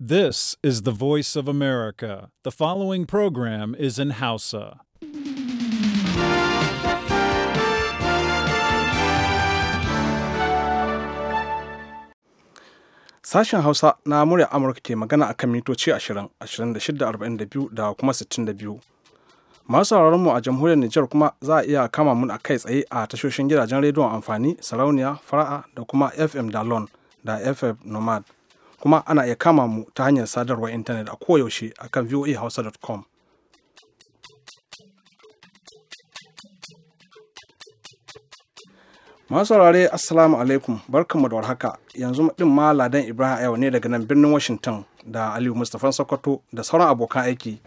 This is the voice of America. The following program is in Hausa. Sashen Hausa na murya Amurka ke magana akan mitoci 20, 26, da kuma 62. Masu mu a jamhuriyar Nijar kuma za a iya kama mun a kai tsaye a tashoshin gidajen rediyon amfani, sarauniya, fara'a da kuma FM Dalon da FM Nomad. kuma ana iya kama mu ta hanyar sadarwar intanet a koyaushe a kan voahausa.com. Masu saurare Assalamu alaikum barkanmu da warhaka yanzu din ma Ladan Ibrahim yau ne daga nan birnin Washington da Aliyu Mustapha Sokoto da sauran abokan aiki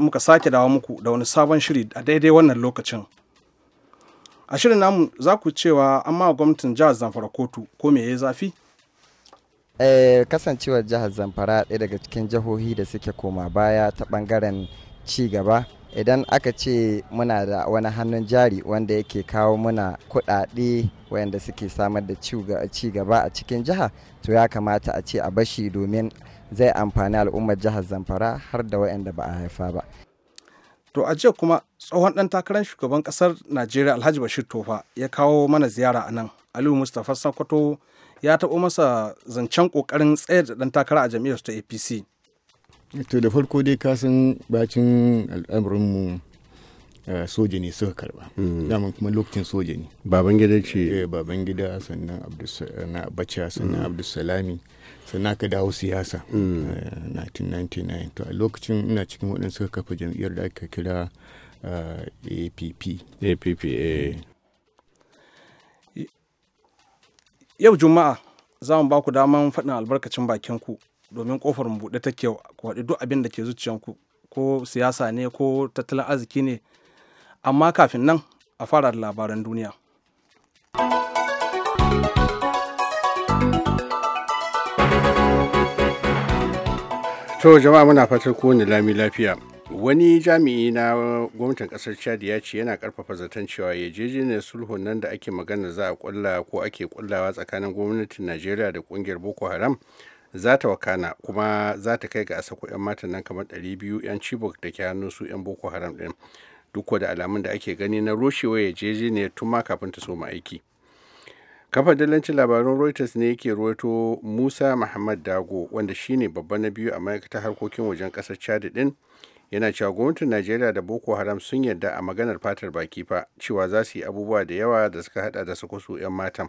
muka sake dawo muku da wani sabon shiri a daidai wannan lokacin. A shirin namu za ku cewa an ma gwamnatin jihar Zamfara kotu ko me ya zafi? Eh, kasancewar jihar zamfara ɗaya daga cikin jihohi da suke koma baya ta ɓangaren cigaba idan aka ce muna da wani hannun jari wanda yake kawo muna kuɗaɗe wayanda suke samar da ci gaba a cikin jiha to ya kamata a ce a bashi domin zai amfani al'ummar jihar zamfara har da wayanda ba a haifa ba to a jiya kuma tsohon ɗan takarar shugaban ƙasar najeriya alhaji bashir tofa ya kawo mana ziyara a nan aliyu mustapha sakwato ya taɓo masa zancen ƙoƙarin tsayar da ɗan takara a jam'iyyar ta apc to da farko dai ka san bacin mu eh, soja ne suka karba mm. daman kuma lokacin soja ne baban gida ce eh, baban gida sannan na abacha sannan mm. abdulsalami sannan ka dawo siyasa 1999 mm. eh, to a lokacin ina cikin waɗanda suka kafa jam'iyyar da aka kira app app Yau Juma'a za mu ba ku daman faɗin albarkacin bakin ku domin kofar mu buɗe take ku haɗu duk abin da ke zuciyanku ko siyasa ne ko tattalin arziki ne amma kafin nan a fara da labaran duniya. To jama'a muna fatar kowane lami lafiya. wani jami'i na gwamnatin kasar chad ya ce yana karfafa zaton cewa yarjejeniyar sulhu nan da ake magana za a kulla ko ake kullawa tsakanin gwamnatin najeriya da kungiyar boko haram za ta wakana kuma za ta kai ga a sako 'yan matan nan kamar biyu 'yan chibok da ke hannun su 'yan boko haram din duk da alamun da ake gani na rushewa yarjejeniyar tun ma kafin ta soma aiki kafa dalancin labarun reuters ne yake ruwato musa muhammad dago wanda shine babba na biyu a ma'aikatar harkokin wajen kasar chad din yana cewa gwamnatin najeriya da boko haram sun yarda a maganar fatar baki fa cewa za su yi abubuwa da yawa da suka hada da sako su 'yan matan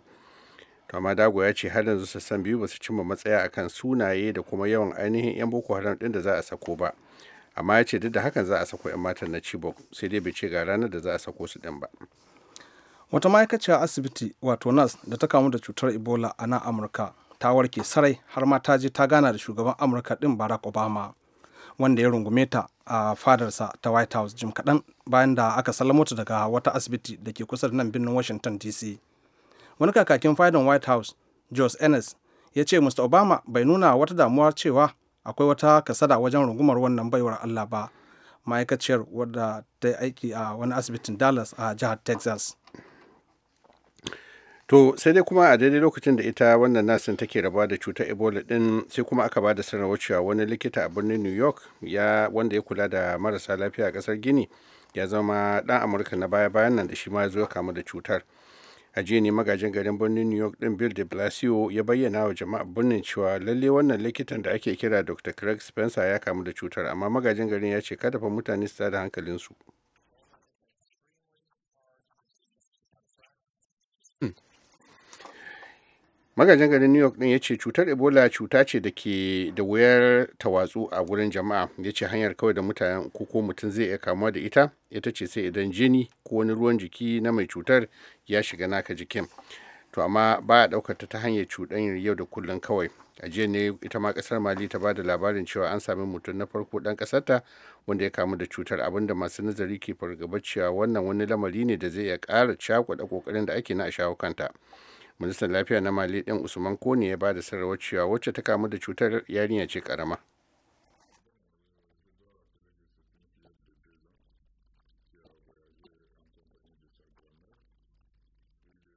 to amma dago ya ce har yanzu sassan biyu ba su cimma matsaya akan sunaye da kuma yawan ainihin 'yan boko haram din da za a sako ba amma ya ce duk da hakan za a sako 'yan matan na chibok sai dai bai ce ga ranar da za a sako su din ba wata ma'aikaciyar asibiti wato nas da ta kamu da cutar ebola a nan amurka ta warke sarai har ma ta je ta gana da shugaban amurka din barack obama wanda ya rungume ta a fadarsa ta white house jim kaɗan bayan da aka salamo ta daga wata asibiti da ke kusa da nan birnin washington dc wani kakakin fadar white house jos ennis ya ce mr obama bai nuna wata damuwa cewa akwai wata kasada wajen rungumar wannan baiwar allah ba ma'aikaciyar wadda ta aiki a wani asibitin dallas a jihar texas to sai dai kuma a daidai lokacin da ita wannan nasin take rabuwa da cutar ebola din sai kuma aka bada sanarwar cewa wani likita a birnin new york ya wanda ya kula da marasa lafiya a kasar gini ya zama dan amurka na baya bayan nan da shi ma ya zo kamu da cutar a jiya ne magajin garin birnin new york din bill de blasio ya bayyana wa jama'a birnin cewa lalle wannan likitan da ake kira dr craig spencer ya kamu da cutar amma magajin garin ya ce kada fa mutane su da hankalinsu magajin garin new york din ya ce cutar ebola cuta ce da ke da wuyar tawatsu a wurin jama'a ya ce hanyar kawai da mutanen ko ko mutum zai iya kamuwa da ita ita ce sai idan jini ko wani ruwan jiki na mai cutar ya shiga naka jikin to amma ba a ɗaukar ta hanyar cuɗanyar yau da kullum kawai a jiya ne ita ma ƙasar mali ta ba da labarin cewa an sami mutum na farko ɗan ƙasarta wanda ya kamu da cutar abinda masu nazari ke fargaba cewa wannan wani lamari ne da zai iya kara cakuɗa ƙoƙarin da ake na a shawo kanta ministan lafiya na mali din usman kone ya bada sarrawar cewa wacce ta kamu da cutar yarinya ce karama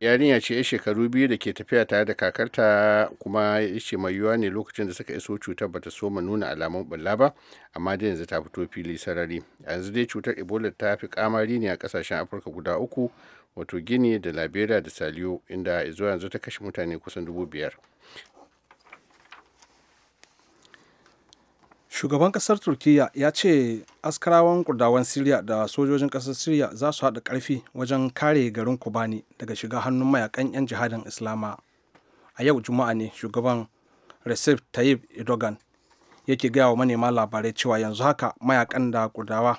yarinya ce ya shekaru biyu da ke tafiya tare da kakarta kuma ya ce mai yiwuwa ne lokacin da suka iso cutar bata so mu nuna alamun bulla ba amma da yanzu ta fito fili sarari yanzu dai cutar ebola ta fi kamari ne a kasashen afirka guda uku wato gini da liberia da saliyo inda zuwa yanzu ta kashe mutane kusan dubu biyar shugaban kasar turkiya ya ce askarawan kurdawan siriya da sojojin kasar siriya za su haɗa ƙarfi wajen kare garin kobani daga shiga hannun mayakan 'yan jihadin islama a yau juma'a ne shugaban recep tayyip erdogan yake gaya wa manema labarai cewa yanzu haka mayakan da kurdawa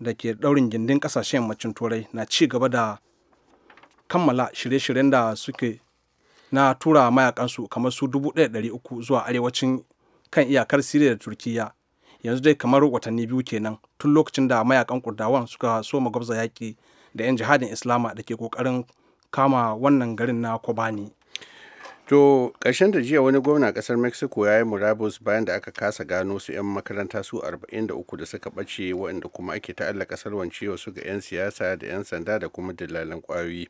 da ke daurin gindin kasashen yammacin turai na ci gaba da kammala shirye-shiryen da suke na tura mayakansu kamar su 1,300 zuwa arewacin kan iyakar Siriya da Turkiyya. Yanzu dai kamar watanni biyu kenan tun lokacin da mayakan Kurdawan suka soma gwabza yaƙi da 'yan jihadin Islama da ke ƙoƙarin kama wannan garin na Kobani. To ƙarshen da jiya wani gwamna kasar Mexico ya yi murabus bayan da aka kasa gano su 'yan makaranta su 43 da suka ɓace waɗanda kuma ake ta'allaka ciwo su ga 'yan siyasa da 'yan sanda da kuma dillalan kwayoyi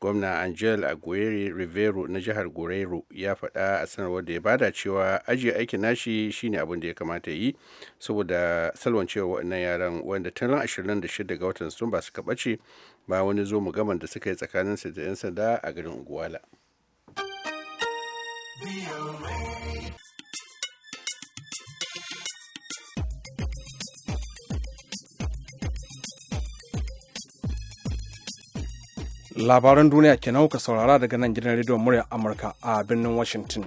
Gwamna Angel Aguirre Rivero na jihar Guerrero ya faɗa a sanarwar da ya bada cewa ajiye aikin nashi shine abin da ya kamata yi saboda salwan ciwo waɗannan yaran wanda tun ran 26 ga watan Satumba suka ɓace ba wani zo mu gaman da suka yi tsakaninsu da 'yan sanda a garin Uguala. Labaran duniya ke kuka saurara daga nan gidan rediyon murya Amurka a birnin Washington.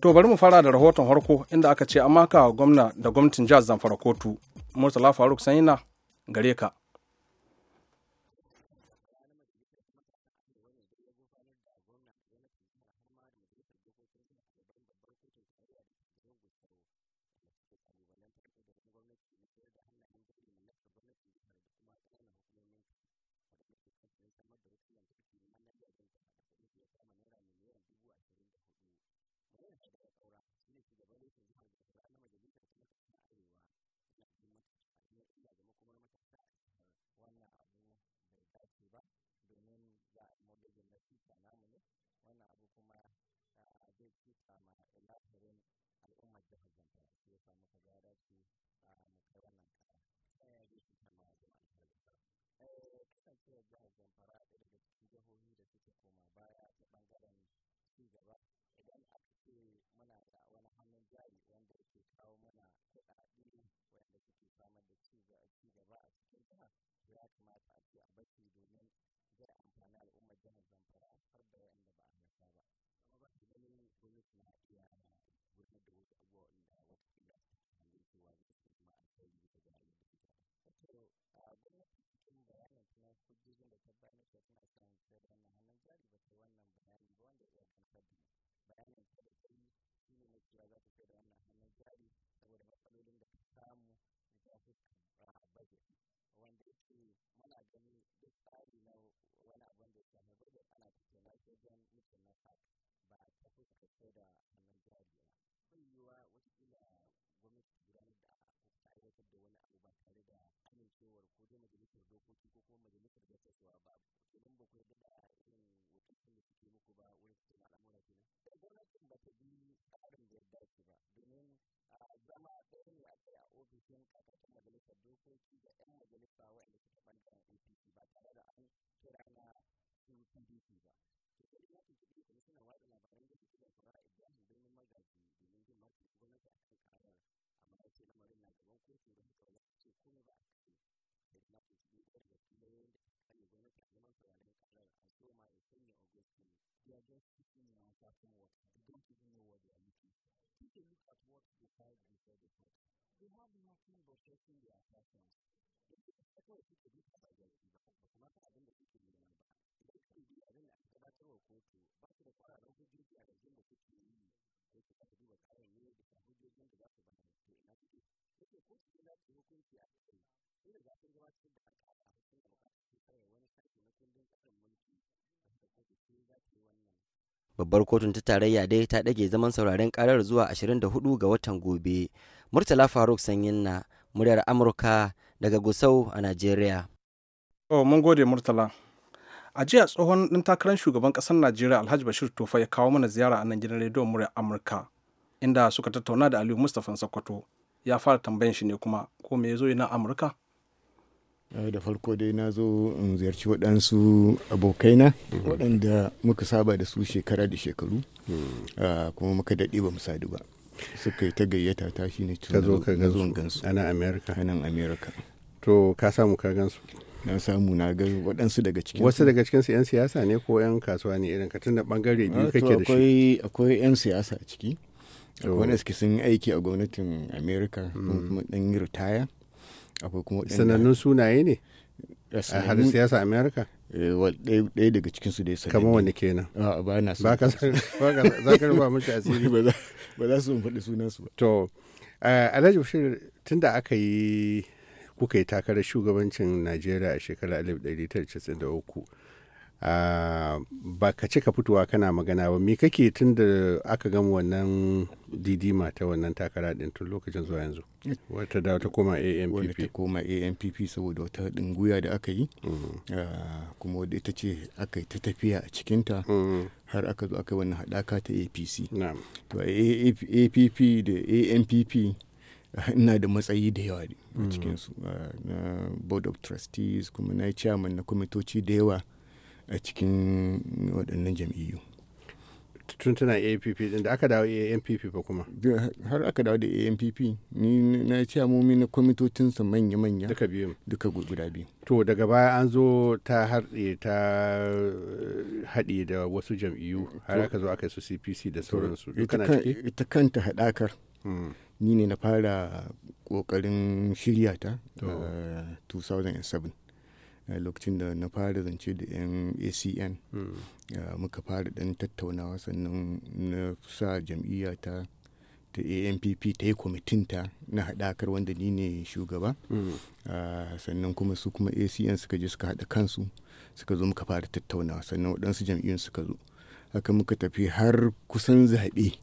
To bari mu fara da rahoton harko inda aka ce an maka gwamna da gwamnatin jihar Zamfara kotu. Murtala Faruk Sanyina gare ka. jihar zamfara shi yasa muka ga ya dace a mu kai wannan kara ta yaya zai fi kama a jama'ar jihar zamfara kasancewar jihar zamfara a daga cikin jihohi da suke koma baya ta bangaren ci gaba idan aka ce muna da wani hannun jari wanda yake kawo mana kuɗaɗe wanda suke samar da ci gaba a cikin jiha ya kamata a ce a bashi domin zai amfani al'ummar jihar zamfara har da wanda ba a nasa ba. Kuma ba su ganin gwamnati na wanda watakila ne cewa zai su kuma alkhairi bisa ga halin da suke wato gwamnati cikin bayanin ta hujjojin da ta bayan ta tana son sayar da hannun jari ba ta wannan bayani ba wanda ya gamsar da bayanin ta da ta yi shi ne cewa za ta sayar da wannan hannun jari saboda uh, matsalolin da ta samu da ta fuskar budget wanda yake muna gani duk tsari na wani abin da ya shafi budget ana tattauna shi wajen mutum na ba ta fuskar da hannun jari ba yiwuwa watakila gwamnati gudanar da ta aiwatar da wani abu ba tare da amincewar ko dai majalisar dokoki ko kuma majalisar gaskaswa ba kenan ba ku yarda da irin wakilcin da suke muku ba wurin su na al'amura kenan gwamnatin ba ta bi tsarin da ya dace ba domin zama ɗaya ne aka yi a ofishin kakakin majalisar dokoki da 'yan majalisa waɗanda suka ɓangaren apc ba tare da an kira na pdp ba to sai ya tuntuɓe kuma suna watsa labaran da suke da fara ibrahim They are just sitting in and tapping water. They don't even know what they are looking for. Take a look at what they five before the court. They have nothing but chasing their assassins. Ẹ̀kọ́ ìsìnkú bí sábà jẹ́ ìgbà ọ̀pọ̀lọpọ̀ àdéhùn ìsìnkú ní ìlànà. Ìsìnkú ìdí àdéhùn àti gabatarwa kotu ba su da fara don hujjoji a zargin da suke yi. Sai su kasa duba tsarin ne da hujjojin da za su bayar. To ina suke kotu babbar kotun ta tarayya dai ta ɗage zaman sauraren karar zuwa 24 ga watan gobe murtala faruk sanyin na muryar amurka daga gusau a najeriya oh, mun gode murtala a jiya tsohon ɗin takarar shugaban ƙasar najeriya alhaji bashir tofa ya kawo mana ziyara a nan gidan rediyon muryar amurka inda suka tattauna da aliyu mustapha sokoto ya fara tambayan shi ne kuma ko me ya zo na amurka eh, da farko dai na zo in ziyarci waɗansu abokaina mhm. waɗanda muka saba da su shekara da shekaru hmm. ah, kuma muka daɗe ba mu sadu ba suka yi ta gayyata ta shi ne tun da zo gansu ana amerika anan amerika to ka samu ka gansu na samu na ga waɗansu daga cikin wasu daga cikin su 'yan siyasa ne ko 'yan kasuwa ne irin ka tun da ɓangare biyu ah, kake da shi akwai 'yan siyasa ciki Oh. wanda suke sun aiki a gwamnatin america hmm. kuma dan yi ritaya akwai kuma sanannun sunaye ne a harin siyasa america eh, ɗaya daga cikin su da ya kamar wani kenan ba na ba ka za ba rufa asiri ba za su faɗi sunan su ba to alhaji bashir tunda aka yi kuka yi takarar shugabancin najeriya a shekarar 1993 ba ka ka fitowa kana magana ba me kake tun da aka gama wannan didima ta wannan takara din tun lokacin zuwa yanzu wata da wata koma ampp wata ta koma ampp saboda wata haɗin guya da aka yi mm-hmm. kuma wadda ita ce aka yi ta tafiya a cikinta mm-hmm. har aka zo aka yi wannan haɗaka ta apc to app da ampp ina da matsayi da yawa a mm-hmm. cikinsu na board of trustees kuma na chairman na kwamitoci da yawa a cikin waɗannan jam'iyyu tun tana app din da aka dawo ampp ba kuma har aka dawo da ampp ni na ce momi na kwamitocinsa manya-manya duka biyu duka guda biyu to daga baya an zo ta harɗe ta eh, haɗe da wasu jam'iyyu har aka zo aka yi su cpc da sauransu ita kanta haɗakar hmm. ni ne na fara ƙoƙarin shirya ta 2007 lokacin da na fara zance da 'yan acn hmm. muka fara dan tattaunawa sannan na sa jam'iyya ta ta ampp ta yi kwamitinta na haɗakar wanda ni ne shugaba hmm. sannan kuma su kuma acn suka je suka haɗa kansu suka zo muka fara tattaunawa sannan waɗansu jam'iyyun suka zo haka muka tafi har kusan zaɓe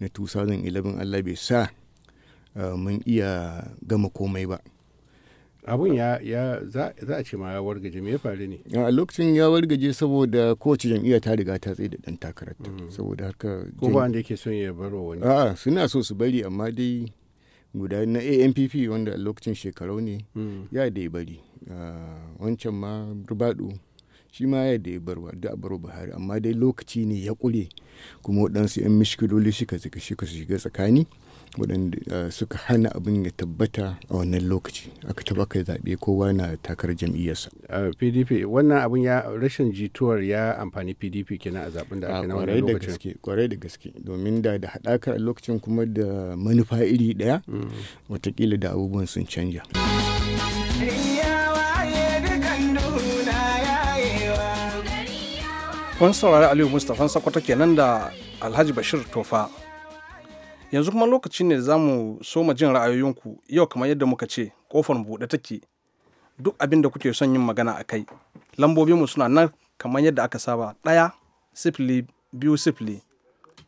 na 2011 allah bai sa mun iya gama komai ba abun ya ya za a ce ma ya wargaje me ya faru ne a lokacin ya wargaje saboda kowace jam'iyya ta riga ta tsaye da dan takarar mm. saboda haka ko ba wanda yake son ya baro wani a'a suna so su bari amma dai guda na ANPP wanda a lokacin shekaru ne mm. ya da ya bari wancan ma rubadu shi ma ya da ya barwa da a baro Buhari amma dai lokaci ne ya kure kuma waɗansu 'yan mishkiloli suka shiga tsakani waɗanda eh, suka hana abin ya tabbata a wannan lokaci aka taba kai zaɓe kowa na takar jam'iyyarsa. pdp wannan abin ya rashin jituwar ya amfani pdp kenan a zaɓen da aka na wannan lokacin kwarai da gaske domin da da haɗakar a lokacin kuma da manufa iri ɗaya mm. watakila da abubuwan sun canja. Kun saurari Aliyu Mustapha Sakwato kenan da Alhaji Bashir Tofa Yanzu kuma lokaci ne da za mu soma jin ra'ayoyinku yau kamar yadda muka ce kofar buɗe take duk abin da kuke son yin magana a kai. Lambobinmu suna nan kamar yadda aka saba ɗaya sifili biyu sifili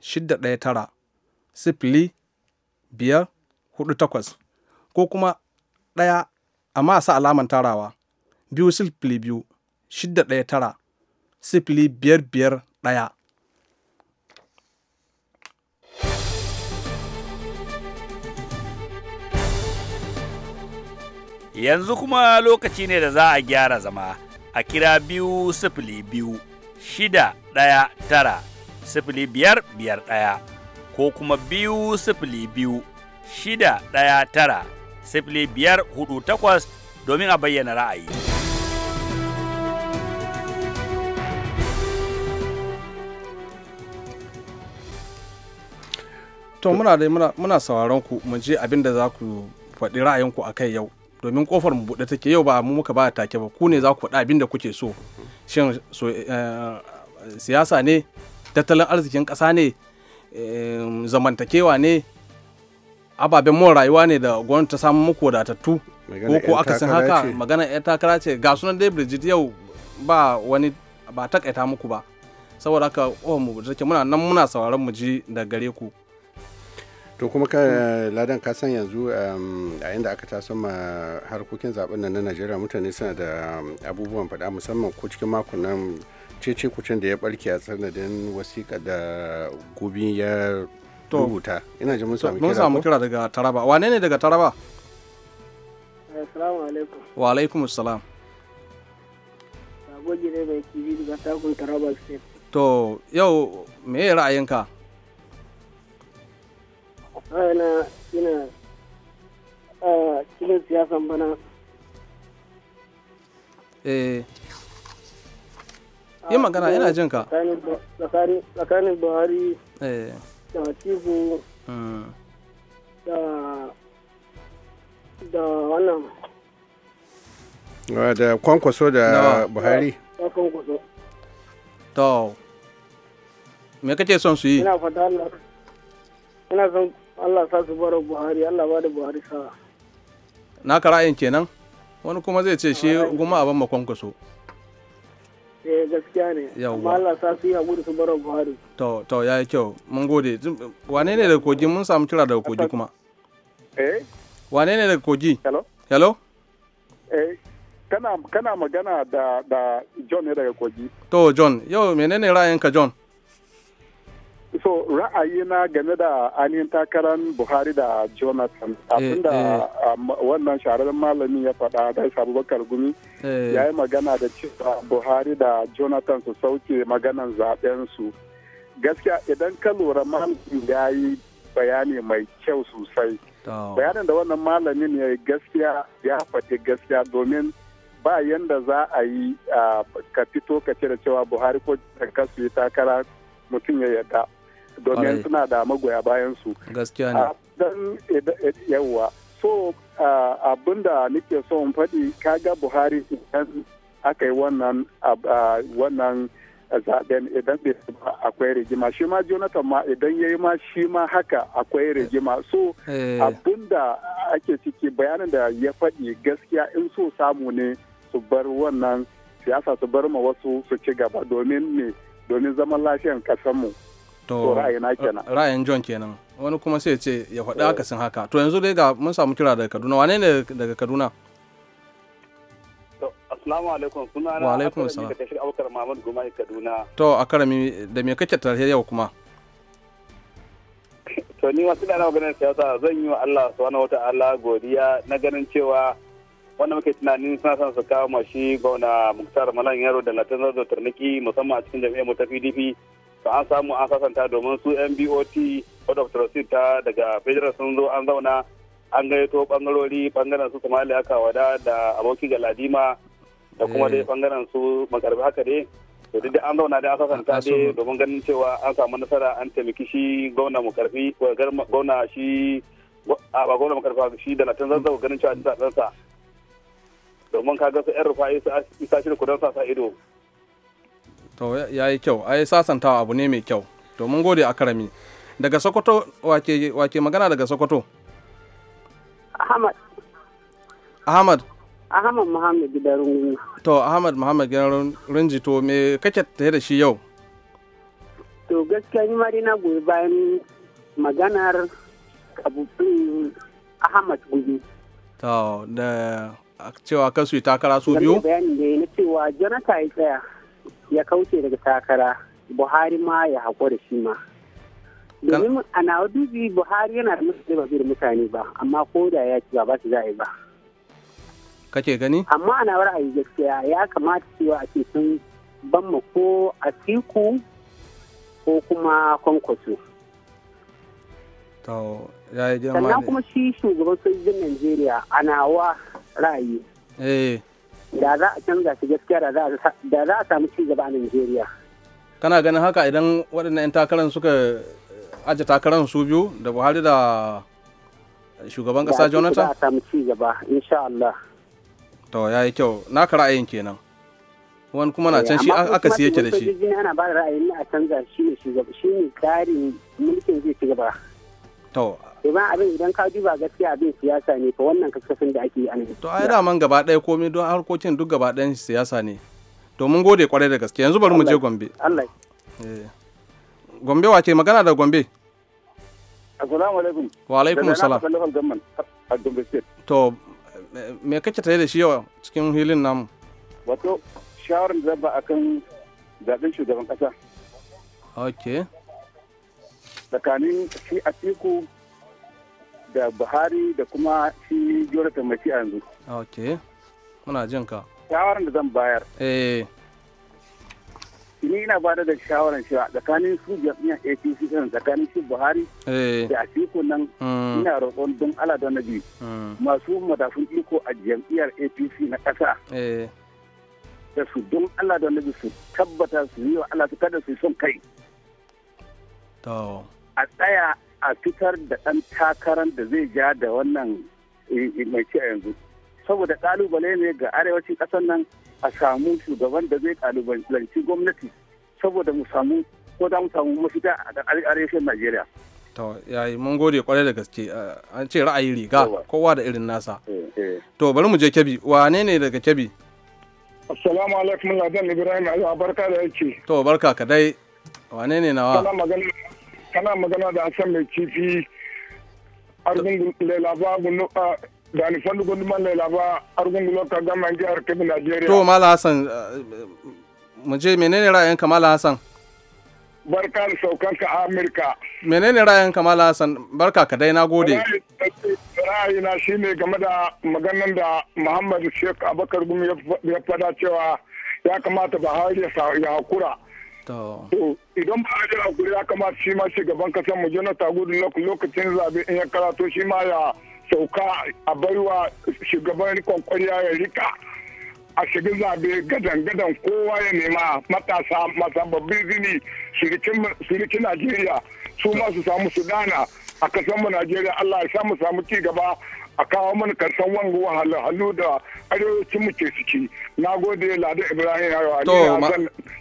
shidda ɗaya tara sifili biyar hudu takwas ko kuma ɗaya amma a sa alaman tarawa biyu sifili biyu shidda ɗaya tara sifili biyar biyar ɗaya yanzu kuma lokaci ne da za a gyara zama a kira biyu sifili biyu shida ɗaya tara sifili biyar biyar ɗaya ko kuma biyu sifili biyu shida ɗaya tara sifili biyar hudu takwas domin a bayyana ra'ayi. To muna da muna sauraron ku mu je abin da za ku faɗi ra'ayinku a kai yau. domin kofar mu buɗe take yau ba mu muka ba take ba ku ne za ku faɗa abin da kuke so shin eh, siyasa ne tattalin arzikin ƙasa ne eh, zamantakewa ne ababen mun rayuwa ne da gwamnati ta samu muku wadatattu ko ko akasin haka magana ya takara ce ga sunan dai Bridget yau ba wani ba takaita muku ba saboda haka kofar mu buɗe take muna nan muna sauraron mu ji da gare ku to kuma ka eh, ladan ka san yanzu a inda aka taso ma harkokin zaben nan na najeriya mutane suna da abubuwan faɗa musamman ko cikin makon nan cece kucin da ya barke a sanadin wasiƙa da gobi ya rubuta ina ji mun samu kira samu kira daga taraba wane ne daga taraba assalamu eh, alaikum wa alaikum assalam sabo ne mai kibi daga taraba state to yau me ra'ayinka ra'ayina ina a cikin siyasan bana eh yi magana ina jin ka tsakanin buhari eh. da atiku hmm. da da wannan da kwankwaso da buhari da kwankwaso to me kake son su yi ina fata ina son Allah sa su bara Buhari Allah ba da Buhari sa. na ka ra'ayin kenan wani kuma zai ce shi goma abin so. eh gaskiya ne amma Allah sa su yi haƙuri su bara Buhari to to yi kyau mun gode wane ne daga kogi mun samu kira daga kogi kuma eh wane ne daga kogi hello hello eh kana kana magana da da John ne daga kogi to John yau menene ra'ayinka John so ra'ayina game da ainihin takarar buhari da jonathan eh, abinda eh. Um, wannan shahararren malamin ya faɗa da abubakar gumi eh. ya yi magana da cewa buhari da jonathan su sauke maganan su gaskiya idan ka lura malamin ya yi bayani mai kyau sosai bayanin da wannan malamin ya gaskiya ya faɗi gaskiya domin ba yanda za a yi uh, ka fito ka ce cewa buhari ko ka yi takara mutum ya yarda domin suna da magoya bayan su gaskiya ne ah, dan eh, eh, yawa so ah, abin da nake so in faɗi kaga buhari idan aka yi wannan ah, wannan zaben idan akwai rigima shi ma jonathan ma idan ya yi ma shi ma haka akwai rigima so eh. abin da ake ciki bayanin da ya faɗi gaskiya in so samu ne su bar wannan siyasa su bar ma wasu su ci gaba domin ne domin zaman lafiyan ƙasarmu. mu to ra'ayina kenan ra'ayin john kenan wani kuma sai ce ya faɗi eh. akasin haka to yanzu dai ga mun samu kira daga kaduna wane ne daga kaduna Assalamu alaikum suna na Wa alaikum assalam. Daga Bashir Abubakar Muhammad Gumai Kaduna. To a karami da me kake tare yau kuma? To ni wasu dana maganin siyasa zan yi wa Allah subhanahu wata'ala godiya na ganin cewa wanda muke tunanin suna son su kawo mashi gauna Muktar Malam Yaro da Latin Zazo Tarniki musamman a cikin jami'ar mu ta PDP to an samu an sasanta domin su mbot board of trustees ta daga federal sun zo an zauna an gayyato bangarori bangaren su somali aka wada da aboki galadima da kuma dai bangaren su makarbi haka dai to duk an zauna da an sasanta dai domin ganin cewa an samu nasara an taimaki shi gwamna mukarfi gwamna shi a ba gwamna makarfi shi da latin zazzau ganin cewa an sa domin ga su yan rufa isa da kudan sa ido to ya yi kyau a yi sasantawa abu ne mai kyau to mun gode a karami daga sokoto wake, wake magana daga sokoto ahmad ahmad ahmad muhammad gidan rungun to ahmad muhammad gidan runji to me kake tare da shi yau to gaskiya ni mari na goyi bayan maganar abubuwan ahmad gudu to da cewa kasu takara su biyu bayani ne na cewa jonathan ya tsaya ya kauce daga takara buhari ma ya haƙura shi ma domin a nawa dubi buhari yana da mutane ba da mutane ba amma ko da ya ci ba ba su za'a ba. Ka ba kake gani amma a nawa ra'ayi gaskiya ya kamata cewa a ce sun banma ko a tiku ko kuma kwankwaso sannan kuma shi shugaban sojin najeriya a nawa ra'ayi eh, da za a canza shi gaskiya da za a samu ci gaba a Najeriya. Kana ganin haka idan waɗannan 'yan takarar suka eh, aje takarar su biyu da Buhari da shugaban ƙasa Jonathan? Za a samu ci gaba insha Allah. To ya yi kyau ka ra'ayin kenan. Wani kuma na eh, can shi aka siye ke da shi. Amma kuma ana ba da ra'ayin a canza shi ne shi ne tsarin mulkin zai ci gaba. To to abin idan ka duba gaskiya abin siyasa ne fa wannan kaskasin da ake yi a to ai man gaba ɗaya komai don harkokin duk gaba ɗayan siyasa ne to mun gode kwarai da gaske yanzu bari mu je Gombe Allah eh. Gombe wace magana da Gombe Assalamu alaikum wa alaikum assalam to me kace tare da shi yau cikin hilin namu wato shawarar da ba akan zaben shugaban kasa okay tsakanin shi Atiku da buhari da kuma shi jonathan mace yanzu ok muna jin ka shawarar da zan bayar eh ni ina ba da shawarar cewa tsakanin su jam'iyyar apc ɗin tsakanin shi buhari eh. da atiku nan hmm. ina roƙon don ala da nabi hmm. masu madafin iko a jami'ar apc na ƙasa eh. da su don allah da nabi su tabbata su yi wa allah su kada su son kai a tsaya a fitar da ɗan takarar da zai ja da wannan eh, eh, mai ci yanzu saboda ƙalubale ne ga arewacin ƙasar nan a samu shugaban da zai ƙalubalanci gwamnati saboda mu samu ko da mu samu mafita a arewacin najeriya to yayi mun gode kwarai da gaske an ce ra'ayi riga kowa da irin nasa eh, to bari mu je kebi wane ne daga kebi assalamu alaikum ladan ibrahim barka da yake to barka ka dai wane ne nawa kana magana da Hassan mai kifi argungun Lailaba Gunuka da Alifandu Gunduman Lailaba argungun Loka Gaman jihar Kebbi nigeria To Mala Hassan eh, mu je menene ra'ayinka Mala Hassan? Barka da saukanka a Amurka. Menene ra'ayinka Mala Hassan? Barka ka dai na gode. Ra'ayina shine game da maganan da Muhammad shek Abakar Gumi ya fada cewa ya kamata Buhari ya hakura. To idan ba a ji ya kamata shi ma shugaban kasar mu Jonathan na lokacin zabe in ya karato shi ma ya sauka a baiwa shugaban rikon kwariya ya rika a shiga zabe gadan-gadan kowa ya nema matasa babbin zini shirikin Najeriya su ma su samu su dana a kasar mu Najeriya Allah ya samu samu ci gaba a kawo mana karshen wangu wahala halu da arewacin mu ke na gode lada ibrahim ya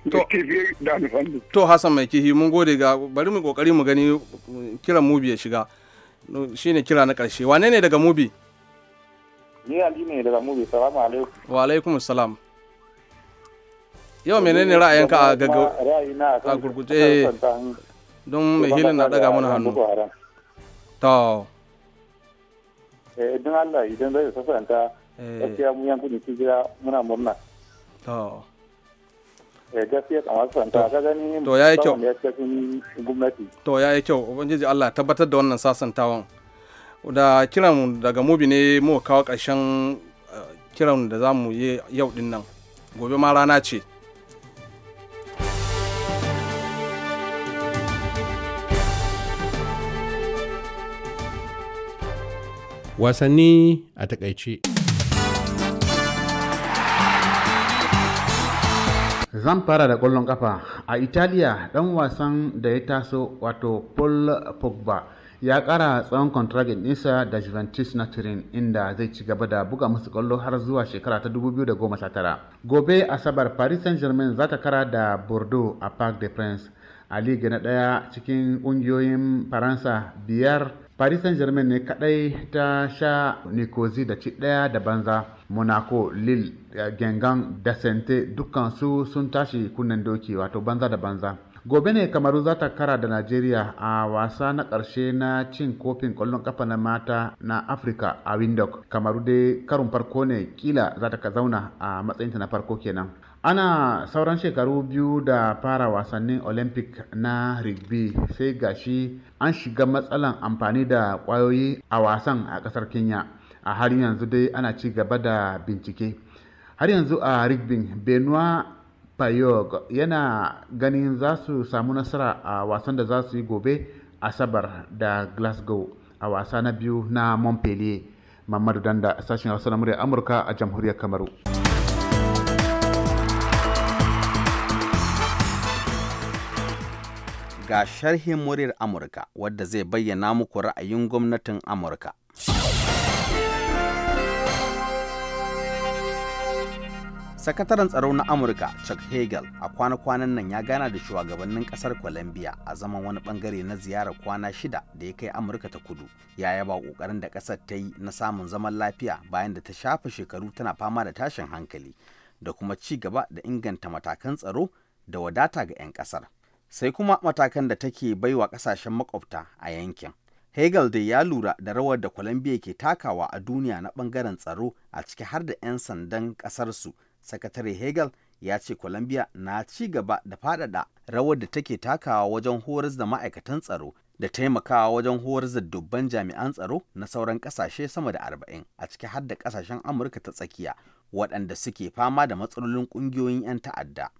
to da to hassan mai kihi mun gode ga bari mu kokari mu gani kiran mubi ya shiga shine kira na karshe wane ne daga mubi ni ali ne daga mubi salamu alaikum wa alaikum salam yau menene ra'ayinka a gaggau a gurguje eh, don mai hilin na daga mana hannu to Eh, don Allah idan zai sasanta eh. gaskiya mu yan gudun hijira muna murna to Eh gaskiya kamar sasanta ga gani to yayi kyau gwamnati to yayi kyau ubangiji Allah tabbatar da wannan sasantawan da kiran daga mubi ne mu kawo ƙarshen eh, kiran da za mu yi yau din nan gobe ma rana ce wasanni a takaice. zan fara da ƙwallon kafa a italiya ɗan wasan da ya taso wato paul pogba ya kara tsawon kontragin nisa da juventus na turin inda zai ci gaba da buga musu ƙwallo har zuwa shekara ta 2019 gobe asabar paris saint-germain za ta kara da bordeaux a parc des princes a liga na ɗaya cikin ƙungiyoyin faransa biyar paris saint-germain ne kadai ta sha nikozi da ci daya da banza monaco lille eh, gengan da sente dukkansu sun tashi kunnen doki wato banza da banza gobe ne kamaru za ta kara da najeriya a wasa na ƙarshe na cin kofin kwallon ƙafa na mata na afirka a windhoek kamaru dai karin farko ne kila za ta ka zauna a matsayinta na farko kenan ana sauran shekaru biyu da fara wasannin olympic na rigby sai gashi an shiga matsalan amfani da kwayoyi a wasan a kasar kenya a har yanzu dai ana ci gaba da bincike har yanzu a rigby benua payog yana ganin za su samu nasara a wasan da za su yi gobe a sabar da glasgow a wasa na biyu na montpellier mamadu danda sashen hausa na murya amurka a jamhuriyar kamaru ga sharhin muryar Amurka wadda zai bayyana muku ra'ayin gwamnatin Amurka. Sakataren tsaro na Amurka Chuck Hagel a kwana-kwanan nan ya gana da shugabannin kasar Colombia a zaman wani bangare na ziyarar kwana shida da ya kai Amurka ta kudu. Ya yaba kokarin da kasar ta yi na samun zaman lafiya bayan da ta shafa shekaru tana fama da tashin hankali da kuma ci gaba da inganta matakan tsaro da wadata ga 'yan kasar. sai kuma matakan da take baiwa kasashen makwabta a yankin. Hegel dai ya lura da rawar da Colombia ke takawa a duniya na bangaren tsaro a ciki har da 'yan sandan ƙasarsu. Sakatare Hegel ya ce Colombia na ci gaba da faɗaɗa rawar da take takawa wajen horas da ma'aikatan tsaro da taimakawa wajen horar da dubban jami'an tsaro na sauran ƙasashe sama da arba'in a ciki har da ƙasashen Amurka ta tsakiya waɗanda suke fama da matsalolin ƙungiyoyin 'yan ta'adda.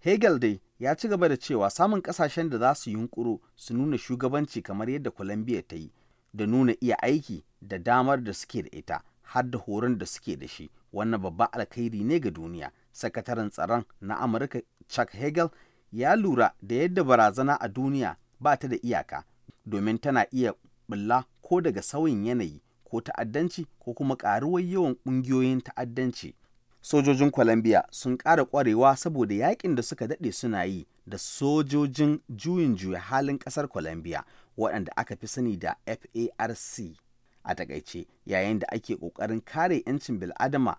Hegel dai ya ci gaba da cewa samun ƙasashen da za su yunƙuro su nuna shugabanci kamar yadda Colombia ta yi, da nuna iya aiki da damar da suke da ita har da horon da suke da shi, wannan babba alkhairi ne ga duniya. Sakataren tsaron na Amurka Chuck hegel ya lura da yadda barazana a duniya ba ta da iyaka, domin tana iya bulla ko daga sauyin yanayi ko ta'addanci ko kuma ƙaruwar yawan ƙungiyoyin ta'addanci. sojojin Colombia sun ƙara ƙwarewa saboda yakin da suka daɗe suna yi da sojojin juyin juya halin ƙasar Colombia waɗanda aka fi sani da FARC a takaice yayin da ake ƙoƙarin kare 'yancin bil'adama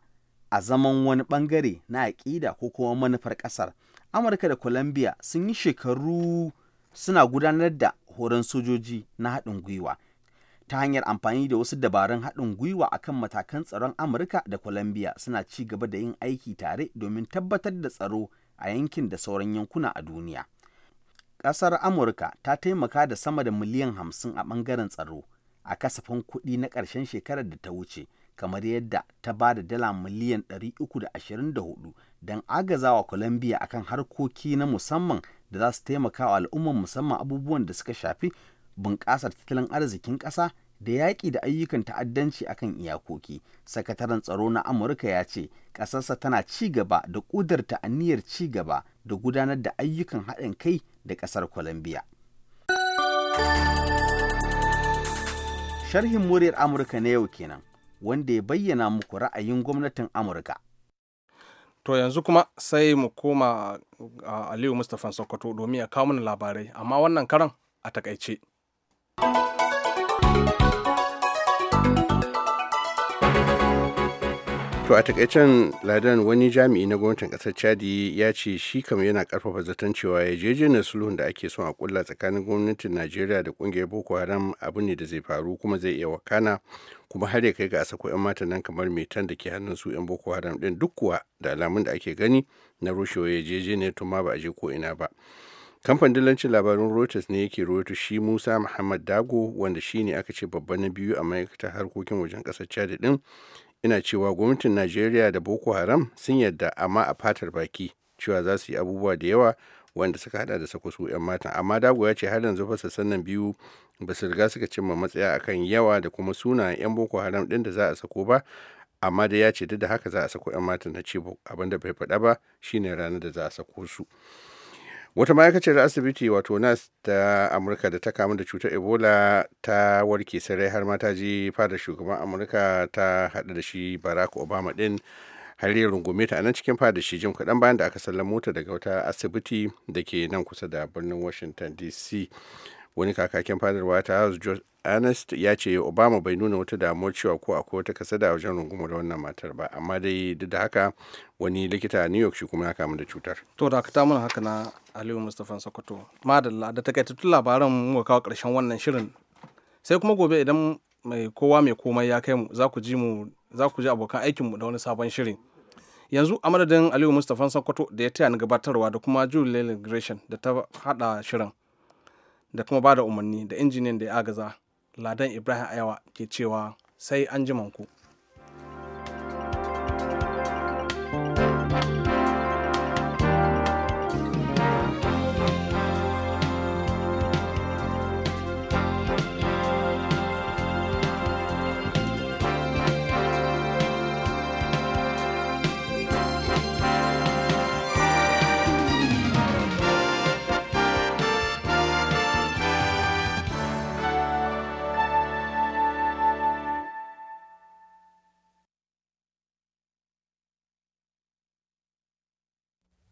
a zaman wani ɓangare na aƙida ko kuma manufar ƙasar. Amurka da Colombia sun yi shekaru suna gudanar da horon sojoji na haɗin gwiwa ta hanyar amfani da wasu dabarun haɗin gwiwa a kan matakan tsaron amurka da colombia suna ci gaba da yin aiki tare domin tabbatar da tsaro a yankin da sauran yankuna a duniya ƙasar amurka ta taimaka da sama da miliyan hamsin a ɓangaren tsaro a kasafin kuɗi na ƙarshen shekarar da ta wuce kamar yadda ta ba da dala miliyan 324 don agazawa Colombia akan harkoki na musamman da za su taimaka wa al'umman musamman abubuwan da suka shafi bunƙasar tattalin arzikin ƙasa da yaƙi da ayyukan ta'addanci akan iyakoki sakataren tsaro na amurka ya ce ƙasarsa tana ci gaba da ƙudurta aniyar ci gaba da gudanar da ayyukan haɗin kai da ƙasar colombia sharhin muryar amurka na yau kenan wanda ya bayyana muku ra'ayin gwamnatin amurka to yanzu kuma sai mu koma aliyu mustapha sokoto domin ya kawo mana labarai amma wannan karan a takaice to a takaicen ladan wani jami'i na gwamnatin kasar chadi ya ce shi kam yana karfafa zaton cewa yarjejeniyar sulhun da ake son a kulla tsakanin gwamnatin najeriya da kungiyar boko haram abu ne da zai faru kuma zai iya wakana kuma har ya kai ga asako yan mata nan kamar metan da ke hannun su yan boko haram din duk kuwa da alamun da ake gani na rushewa ya yarjejeniyar tun ma ba a je ko ina ba kamfan dillancin labarin reuters ne yake rawaito shi musa muhammad dago wanda shi ne aka ce babban na biyu a ma'aikatar harkokin wajen kasar chad din ina cewa gwamnatin najeriya da boko haram sun yadda amma a fatar baki cewa za su yi abubuwa da yawa wanda suka hada da sakwasu 'yan matan amma dago ya ce har yanzu fasa sannan biyu ba su riga suka cimma matsaya akan yawa da kuma suna 'yan boko haram din da za a sako ba amma da ya ce duk da haka za a sako 'yan matan na ce abinda bai faɗa ba shine ranar da za a sako su wata ma'aikaciyar asibiti wato nas ta amurka da ta kamu da cutar ebola ta warke sarai har mata ta je fada shugaban amurka ta hada da shi barack obama din har ya rungume ta nan cikin fada shi jim kaɗan bayan da aka sallamo mota daga wata asibiti da ke nan kusa da birnin washington dc wani kakakin fadar ta house george ernest ya ce obama bai nuna wata damuwar cewa ko akwai wata da wajen rungumar da wannan matar ba amma dai duk da haka wani likita a new york shi kuma ya kamu da cutar to da ka mana haka na aliyu mustapha sokoto madalla da ta takaitattun labaran mu kawo karshen wannan shirin sai kuma gobe idan mai kowa mai komai ya kai mu za ku ji mu za ku ji abokan aikinmu da wani sabon shirin yanzu a madadin aliyu mustapha sokoto da ya taya ni gabatarwa da kuma julie gration da ta hada shirin da kuma ba da umarni da injiniyan da ya agaza ladan ibrahim ayawa ke cewa sai an ku.